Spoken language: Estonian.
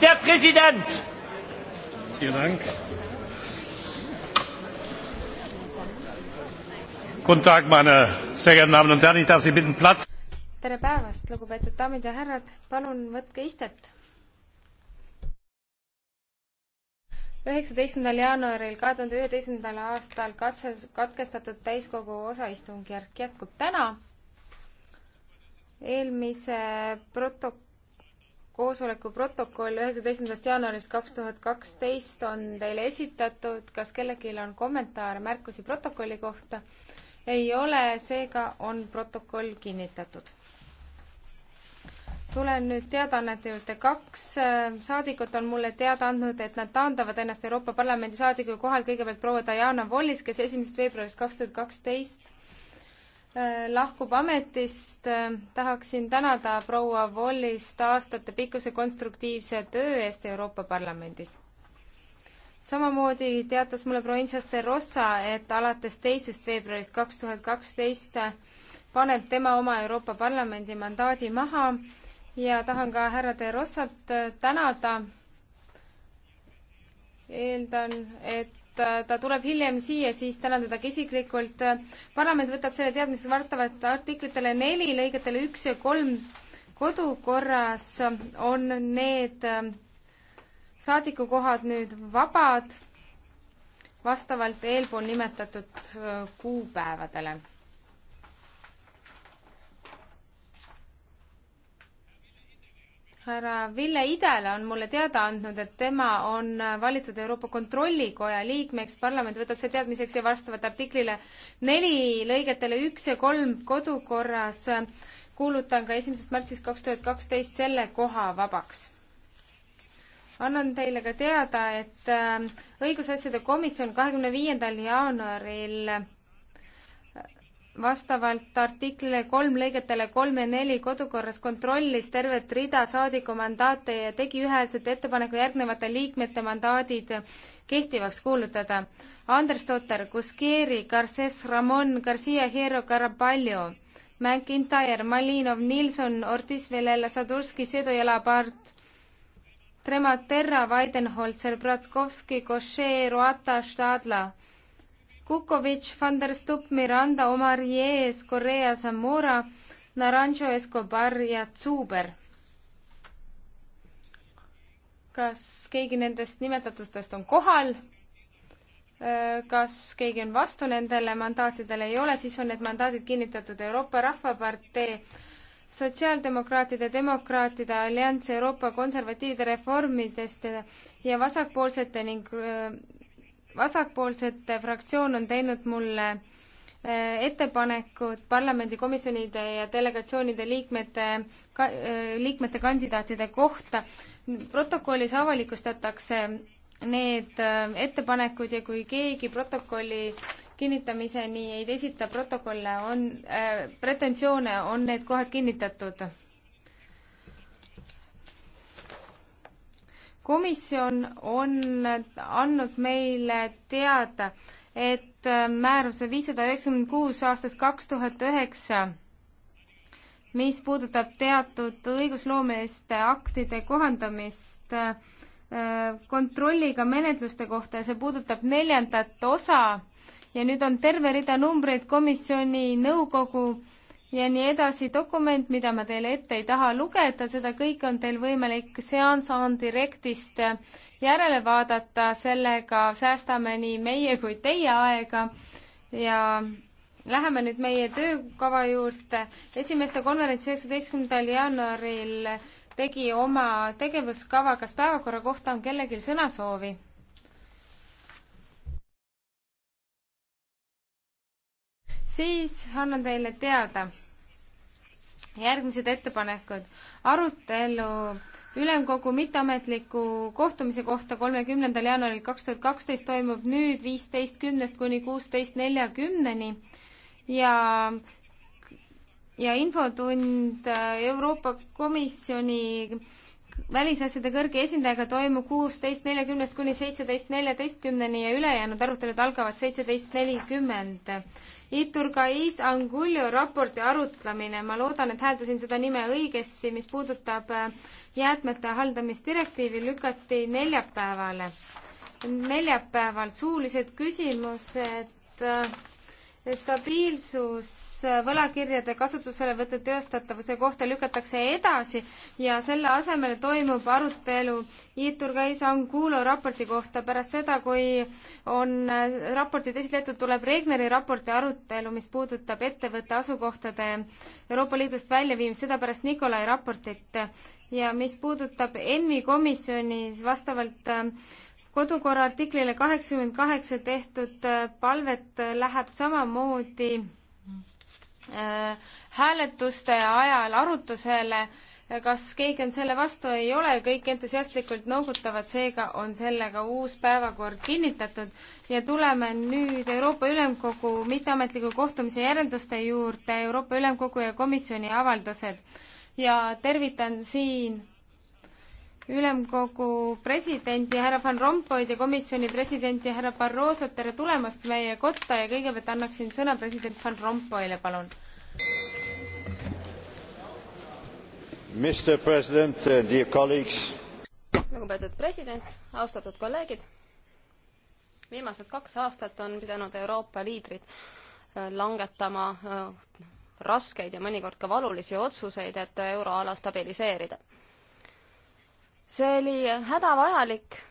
Der Präsident! Vielen Dank. Guten Tag, meine sehr geehrten Damen und Herren. Ich darf Sie bitten, Platz. tere päevast, lugupeetud daamid ja härrad, palun võtke istet. üheksateistkümnendal jaanuaril kahe tuhande üheteistkümnendal aastal katse, katkestatud täiskogu osaistungjärk jätkub täna. eelmise protok-, koosoleku protokoll üheksateistkümnendast jaanuarist kaks tuhat kaksteist on teile esitatud, kas kellelgi on kommentaare, märkusi protokolli kohta? ei ole, seega on protokoll kinnitatud. tulen nüüd teadaannete juurde, kaks äh, saadikut on mulle teada andnud, et nad taandavad ennast Euroopa Parlamendi saadiku kohal, kõigepealt proua Diana Wallis, kes esimesest veebruarist kaks tuhat kaksteist lahkub ametist, tahaksin tänada proua Wollist aastatepikkuse konstruktiivse töö eest Euroopa Parlamendis. samamoodi teatas mulle provintsias De Rossa, et alates teisest veebruarist kaks tuhat kaksteist paneb tema oma Euroopa Parlamendi mandaadi maha ja tahan ka härra De Rossat tänada. eeldan, et Äh, ta tuleb hiljem siia, siis tänan teda ka isiklikult. parlament võtab selle teadmise vartavalt artiklitele neli, lõigetele üks ja kolm kodukorras on need äh, saadikukohad nüüd vabad vastavalt eelpool nimetatud äh, kuupäevadele härra Ville Idele on mulle teada andnud, et tema on valitud Euroopa Kontrollikoja liikmeks, parlament võtab see teadmiseks ja vastavalt artiklile neli lõigetele üks ja kolm kodukorras kuulutan ka esimesest märtsist kaks tuhat kaksteist selle koha vabaks annan teile ka teada, et äh, õigusasjade komisjon kahekümne viiendal jaanuaril vastavalt artiklile kolm lõigetele kolm ja neli kodukorras kontrollis tervet rida saadikumandaate ja tegi ühehäälselt ettepaneku järgnevate liikmete mandaadid kehtivaks kuulutada. Andres Totter, Guskieri, Garces, Ramon, Garcia, Hero, Caraballo, McIntyre, Malinov, Nilsson, Ortiz, Velella, Sadurski, Sedo ja Labart, Trematerra, Weidenholzer, Bratkovski, Košee, Roata, Stadla Kukovic, Van der Stubb, Miranda, Omar Jees, Correa, Zamora, Naranjo, Escobar ja Zuber. kas keegi nendest nimetatustest on kohal? Äh, kas keegi on vastu nendele mandaatidele, ei ole, siis on need mandaadid kinnitatud Euroopa Rahvapartei, Sotsiaaldemokraatide, Demokraatide Allianss Euroopa Konservatiivide Reformidest ja vasakpoolsete ning äh, vasakpoolsete fraktsioon on teinud mulle äh, ettepanekud parlamendikomisjonide ja delegatsioonide liikmete, äh, liikmete kandidaatide kohta. protokollis avalikustatakse need äh, ettepanekud ja kui keegi protokolli kinnitamiseni ei esita protokolle, on äh, pretensioone, on need kohad kinnitatud komisjon on andnud meile teada, et määruse viissada üheksakümmend kuus aastast kaks tuhat üheksa, mis puudutab teatud õigusloomeliste aktide kohandamist äh, kontrolliga menetluste kohta ja see puudutab neljandat osa ja nüüd on terve rida numbreid komisjoni nõukogu ja nii edasi. dokument, mida ma teile ette ei taha lugeda, seda kõike on teil võimalik seanss on direktist järele vaadata, sellega säästame nii meie kui teie aega ja Läheme nüüd meie töökava juurde. esimeste konverents üheksateistkümnendal jaanuaril tegi oma tegevuskava. kas päevakorra kohta on kellelgi sõnasoovi? siis annan teile teada järgmised ettepanekud. arutelu ülemkogu mitteametliku kohtumise kohta kolmekümnendal jaanuaril kaks tuhat kaksteist toimub nüüd viisteist kümnest kuni kuusteist neljakümneni ja ja infotund Euroopa Komisjoni välisasjade kõrge esindajaga toimub kuusteist neljakümnest kuni seitseteist neljateistkümneni ja ülejäänud arutelud algavad seitseteist nelikümmend. Iturgais Angulio raporti arutlemine, ma loodan, et hääldasin seda nime õigesti, mis puudutab äh, jäätmete haldamisdirektiivi, lükati neljapäevale. neljapäeval suulised küsimused äh, stabiilsus äh, võlakirjade kasutuselevõtu teostatavuse kohta lükatakse edasi ja selle asemel toimub arutelu Iturgais Angulo raporti kohta pärast seda, kui on äh, raportid esitletud, tuleb Regneri raporti arutelu, mis puudutab ettevõtte asukohtade Euroopa Liidust väljaviimist, seda pärast Nikolai raportit ja mis puudutab ENMi komisjonis vastavalt äh, kodukorra artiklile kaheksakümmend kaheksa tehtud äh, palvet äh, läheb samamoodi äh, hääletuste ajal arutusele, kas keegi on selle vastu, ei ole, kõik entusiastlikult noogutavad, seega on sellega uus päevakord kinnitatud ja tuleme nüüd Euroopa Ülemkogu mitteametliku kohtumise järelduste juurde, Euroopa Ülemkogu ja komisjoni avaldused. ja tervitan siin ülemkogu presidenti härra Van Rompuyd ja komisjoni presidenti härra Barroso, tere tulemast meie kotta ja kõigepealt annaksin sõna president Van Rompuyle, palun. Mr President, uh, dear colleagues. lugupeetud president, austatud kolleegid. viimased kaks aastat on pidanud Euroopa liidrid uh, langetama uh, raskeid ja mõnikord ka valulisi otsuseid, et euroala stabiliseerida see oli hädavajalik